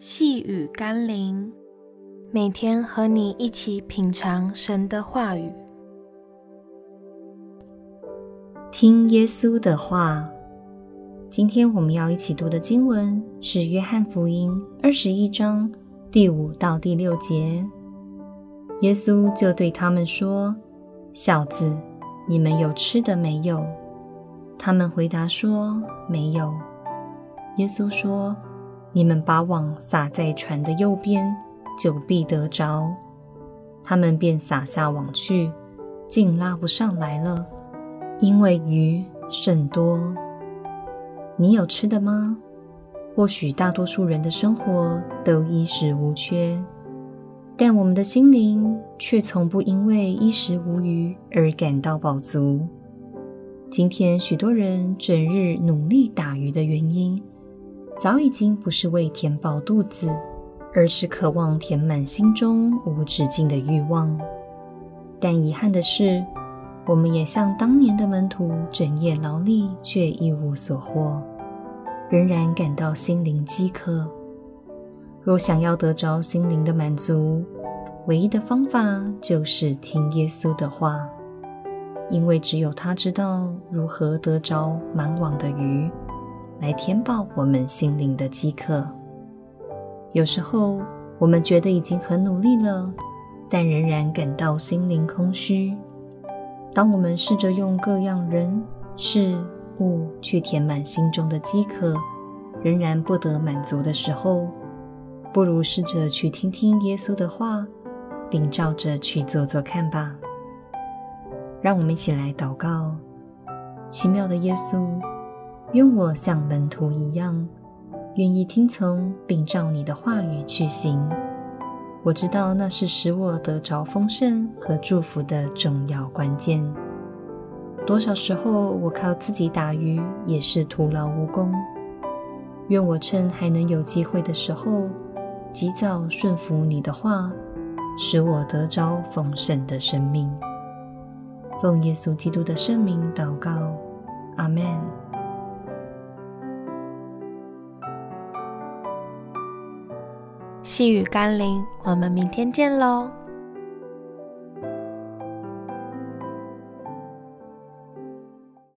細語甘霖，每天和你一起品嘗神的話語，聽耶穌的話。今天我們要一起讀的經文是《約翰福音》二十一章第五到第六節。耶穌就對他們說：“小子，你們有吃的沒有？”他們回答說：“沒有。”耶穌說。你們把網撒在船的右邊，就必得着。他們便撒下網去，竟拉不上來了，因為魚甚多。你有吃的嗎？或許大多數人的生活都衣食無缺，但我們的心靈卻從不因為衣食無虞而感到飽足。今天許多人整日努力打魚的原因，早已經不是為填飽肚子，而是渴望填滿心中無止境的欲望。但遺憾的是，我們也像當年的門徒，整夜勞力卻一無所獲，仍然感到心靈飢渴。若想要得着心靈的滿足，唯一的方法就是聽耶穌的話，因為只有他知道如何得着滿網的魚。來填飽我們心靈的飢渴。有時候，我們覺得已經很努力了，但仍然感到心靈空虛。當我們試着用各樣人事物去填滿心中的飢渴，仍然不得滿足的時候，不如試着去聽聽耶穌的話，並照着去做做看吧。讓我們一起來禱告：奇妙的耶穌。願我像門徒一樣，願意聽從並照你的話語去行。我知道那是使我得着豐盛和祝福的重要關鍵。多少時候我靠自己打魚也是徒勞無功。願我趁還能有機會的時候，及早順服你的話，使我得着豐盛的生命。奉耶穌基督的聖名禱告，阿們！細語甘霖，我們明天見嘍。